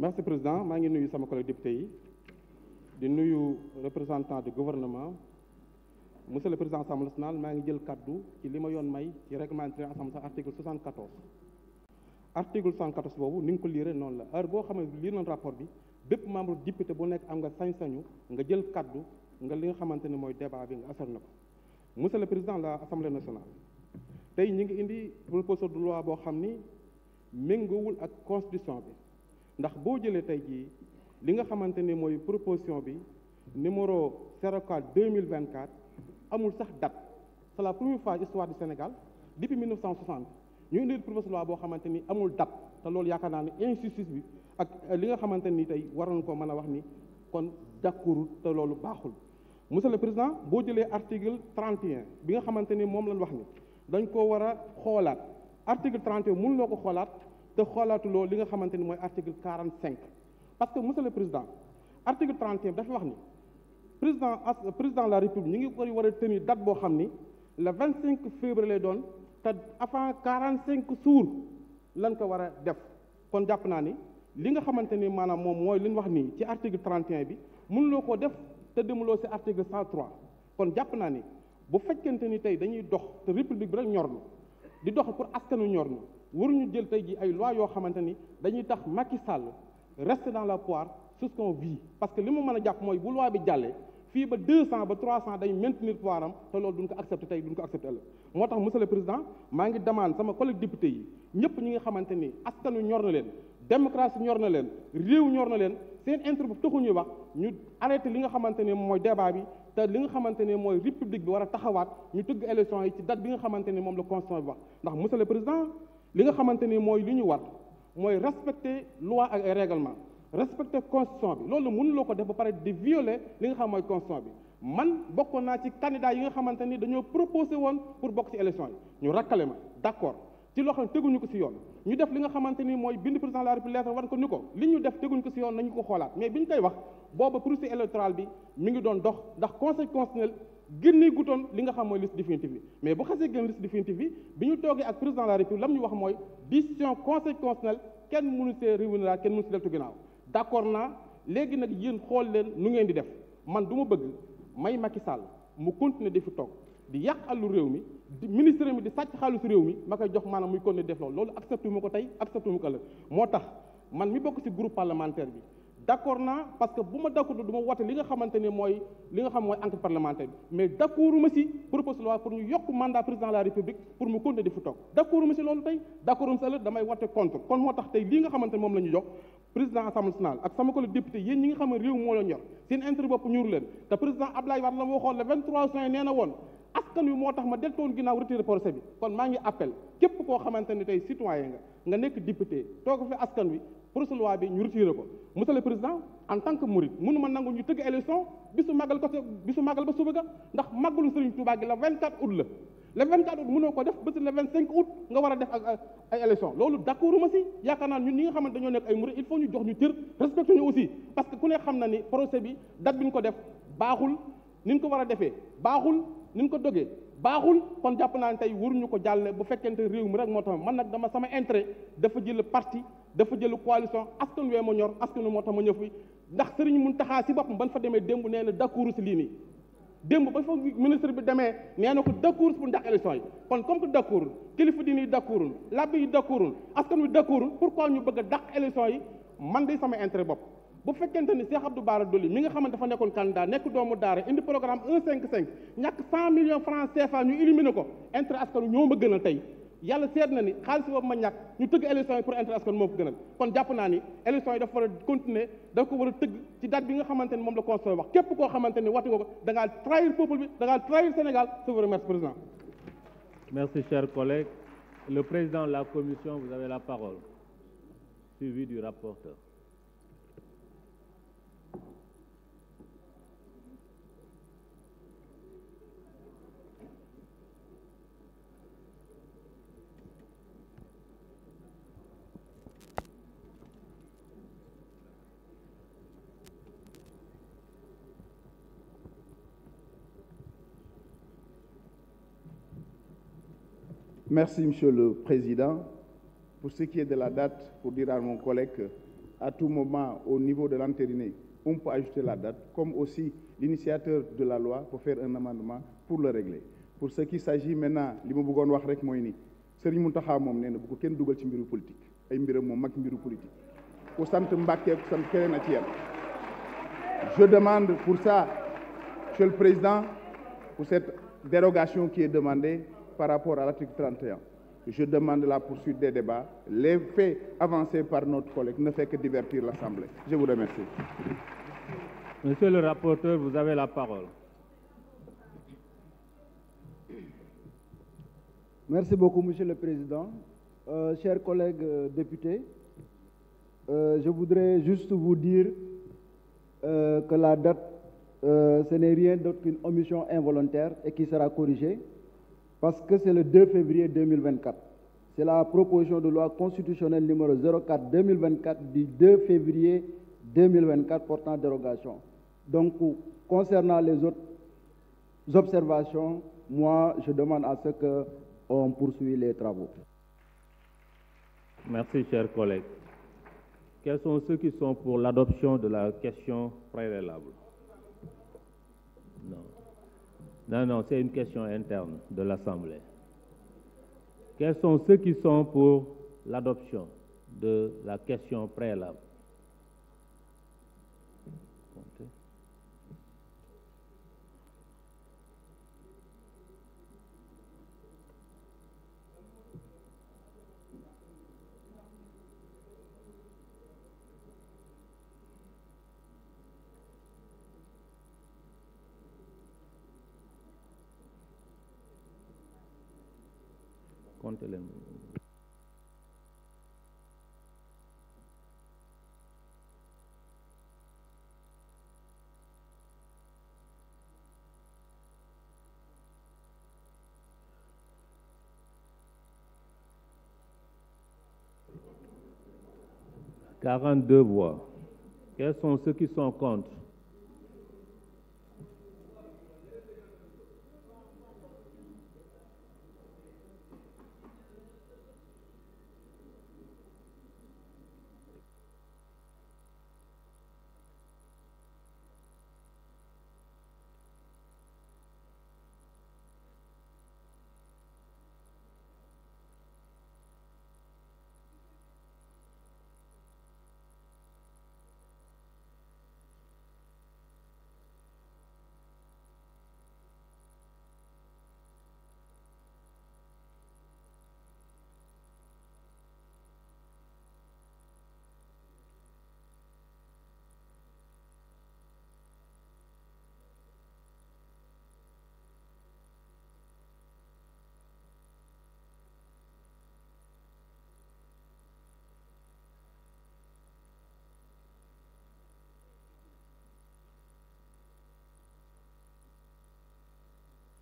merci président maa ngi nuyu sama collègue député yi di nuyu représentant du gouvernement monsieur le président assemblée nationale maa ngi jël kàddu ci li ma yoon may ci règlement intérieur assemblée article 74. article 74 boobu ni nga ko liire noonu la heure boo xam ne lii noonu rapport bi bépp membre député bu nekk am nga sañ-sañu nga jël kàddu nga li nga xamante ne mooy débat bi nga asar na ko monsieur président la assemblée nationale tey ñu ngi indi proposition de loi boo xam ni méngoowul ak constitution bi ndax boo jëlee tey jii li nga xamante ni mooy proposition bi numéro 04 2024 amul sax date c'est la première fois histoire du Sénégal depuis 1960 ñu indi proposition loi boo xamante ni amul date te loolu yaakaar naa ne injustice bi ak euh, li nga xamante nii tey waroon ko mën a wax ni kon jàkkuuru te loolu baaxul monsieur le président boo jëlee article 31 bi nga xamante ni moom lañ wax ni dañ ko war a xoolaat article 31 mënuloo ko xoolaat te xoolaatuloo li nga xamante ni mooy article quarante cinq parce que monsieur le président article trente et dafa wax ni président président de la république ñu ngi koy war a tenir date boo xam ni le vingt cinq février lay doon te avant quarante cinq jours lan ko war a def kon jàpp naa ni li nga xamante ni maanaam moom mooy li ñu wax nii ci article trente et un bi mënuloo koo def te demuloo si article cent trois kon jàpp naa ni bu fekkente ni tey dañuy dox te république bi rek ñor na di dox pour askanu ñor na waruñu jël tey ji ay loi yoo xamante ni dañuy tax Macky sàll reste dans la poire sur ce qu'on parce que li mu mën a jàpp mooy bu loi bi jàllee fii ba 200 ba 300 day maintenir pouvoir am te loolu duñ ko accepté tey duñ ko accepté ëllëg moo tax monsieur le président maa ngi demande sama collègue député yi ñëpp ñi nga xamante ni askanu ñor na leen démocratie ñor na leen réew ñor na leen seen intérêt bu taxu ñuy wax ñu arrêté li nga xamante ne mooy débat bi te li nga xamante ne mooy république bi war a taxawaat ñu tëgg élection yi ci date xamante ne moom la constitution bi wax ndax monsieur le li nga xamante ni mooy li ñu war mooy respecter loi ak ay règlement respecter constitution bi loolu mënuloo ko def ba pare di violer li nga xam mooy constitution bi man bokkoon naa ci candidat yi nga xamante ni dañoo proposé woon pour bokk ci élection yi ñu rakkale ma d'accord ci loo xam ne teguñu ko ci yoon ñu def li nga xamante ni mooy bind président de la république lettre wan ko ni ko li ñu def teguñu ko ci yoon nañu ko xoolaat mais bi ñu koy wax booba processus électoral bi mi ngi doon dox ndax conseil constitutionnel génnee gutoon li nga xam mooy liste définitive bi mais bu xasee génn liste définitive bi bi ñu toogee ak président de la république ñu wax mooy décision conseil constitutionnel kenn mënu see réunira kenn mënu si deftu ginnaaw d' accord léegi nag yéen xool leen nu ngeen di def man du ma bëgg may Macky Sall mu continuer di fi toog di yàq àllu réew mi di ministre mi di sàcc xaalisu réew mi ma koy jox maanaam muy continuer def loolu loolu accepté ko tey accepté mu ko ëllëg moo tax man mi bokk si groupe parlementaire bi d' accord naa parce que bu ma d' accord du ma wote li nga xamante ne mooy li nga xam mooy enquête parlementaire bi mais d' accord de pour ñu yokk mandat président de la république pour mu continuer di fu toog d' accord ma si loolu tey d' nga xamante ne moom la ñu jox président assemblée nationale ak sama collègue député yéen ñi nga xam ne réew moo leen ñor seen intérêt bopp ñuur leen te président Abdoulaye Wade la ma waxoon le 23 juin nee na woon askan wi moo tax ma deltoon ginnaaw retiré procès bi kon maa ngi appel képp koo xamante ne tey citoyen nga nga nekk député toog fi askan wi projet loi bi ñu retiré ko monsieur le président en tant que mouride mënu ma nangu ñu tëgg élection bisu màggal ko bisu màggal ba suba ga ndax màggalu gi la 24 août la le 24 août mënoo ko def ba le 25 août nga war a def ak ay élection loolu d'accord ma si yaakaar naa ñun ñi nga xamante dañoo nekk ay murid il faut ñu jox ñu cër respecté ñu aussi parce que ku ne xam na ni procès bi date bi ñu ko def baaxul ni ñu ko war a defee baaxul ni ñu ko dogee baaxul kon jàpp naa ne waruñu ko jàlle bu fekkente réew mi rek moo tax man nag dama sama intérêt dafa jël parti dafa jël coalition askan wee ma ñor askan wi moo tax ma ñëw fi ndax sëriñ Mountakha si boppam ban fa demee démb nee na d'accord si lii nii démb ba fa ministre bi demee nee na ko d'accord pour ndax élection yi kon comme que d'accord kilifa diini d'accordul labbe yi d'accordul askan wi d'accordul pourquoi ñu bëgg a dàq élection yi man day sama intérêt bopp bu fekkente ni Cheikh Abdou Bara Dolly mi nga xamante dafa nekkoon candidat nekk doomu daara indi programme 155 ñàkk 100 millions francs CFA ñu éliminer ko intérêt askan wi ñoo ma gënal tey yàlla seet na ni xaalis boobu ma ñàkk ñu tëgg élection yi pour intérêt askan ko gënal kon jàpp naa ni élection yi dafa war a continuer dafa ko war a tëgg ci date bi nga xamante ni moom la constitution wax képp koo xamante ni waxtu nga ko da ngaa trahir peuple bi da ngaa trahir Sénégal je vous remercie président merci chers collègues le président de la commission vous avez la parole suivi du rapporteur Merci, Monsieur le Président. Pour ce qui est de la date, pour dire à mon collègue qu'à tout moment, au niveau de l'entériné, on peut ajouter la date, comme aussi l'initiateur de la loi peut faire un amendement pour le régler. Pour ce qui s'agit maintenant, li ma bëggoon wax rek mooy ni Serigne Mountakha moom nee na bu ko kenn dugal ci mbiru politique a mbiram moom mag mbiru politique ku sant Mbàkke ku sant keneen a je demande pour ça, Monsieur le Président, pour dérogation qui est par rapport à l'article 31. Je demande la poursuite des débats. Les faits avancés par notre collègue ne fait que divertir l'Assemblée. Je vous remercie. Monsieur le rapporteur, vous avez la parole. Merci beaucoup, Monsieur le Président. Euh, chers collègues euh, députés, euh, je voudrais juste vous dire euh, que la date, euh, ce n'est rien d'autre qu'une omission involontaire et qui sera corrigée. parce que c'est le 2 février 2024. C'est la proposition de loi constitutionnelle numéro 04-2024 du 2 février 2024 portant dérogation. Donc, concernant les autres observations, moi, je demande à ce qu'on poursuive les travaux. Merci, chers collègues. Quels sont ceux qui de la question préalable Non, non, c'est une question interne de l'Assemblée. Quels sont ceux qui sont pour l'adoption de la question préalable compte leen deux voix quels sont ceux qui sont contre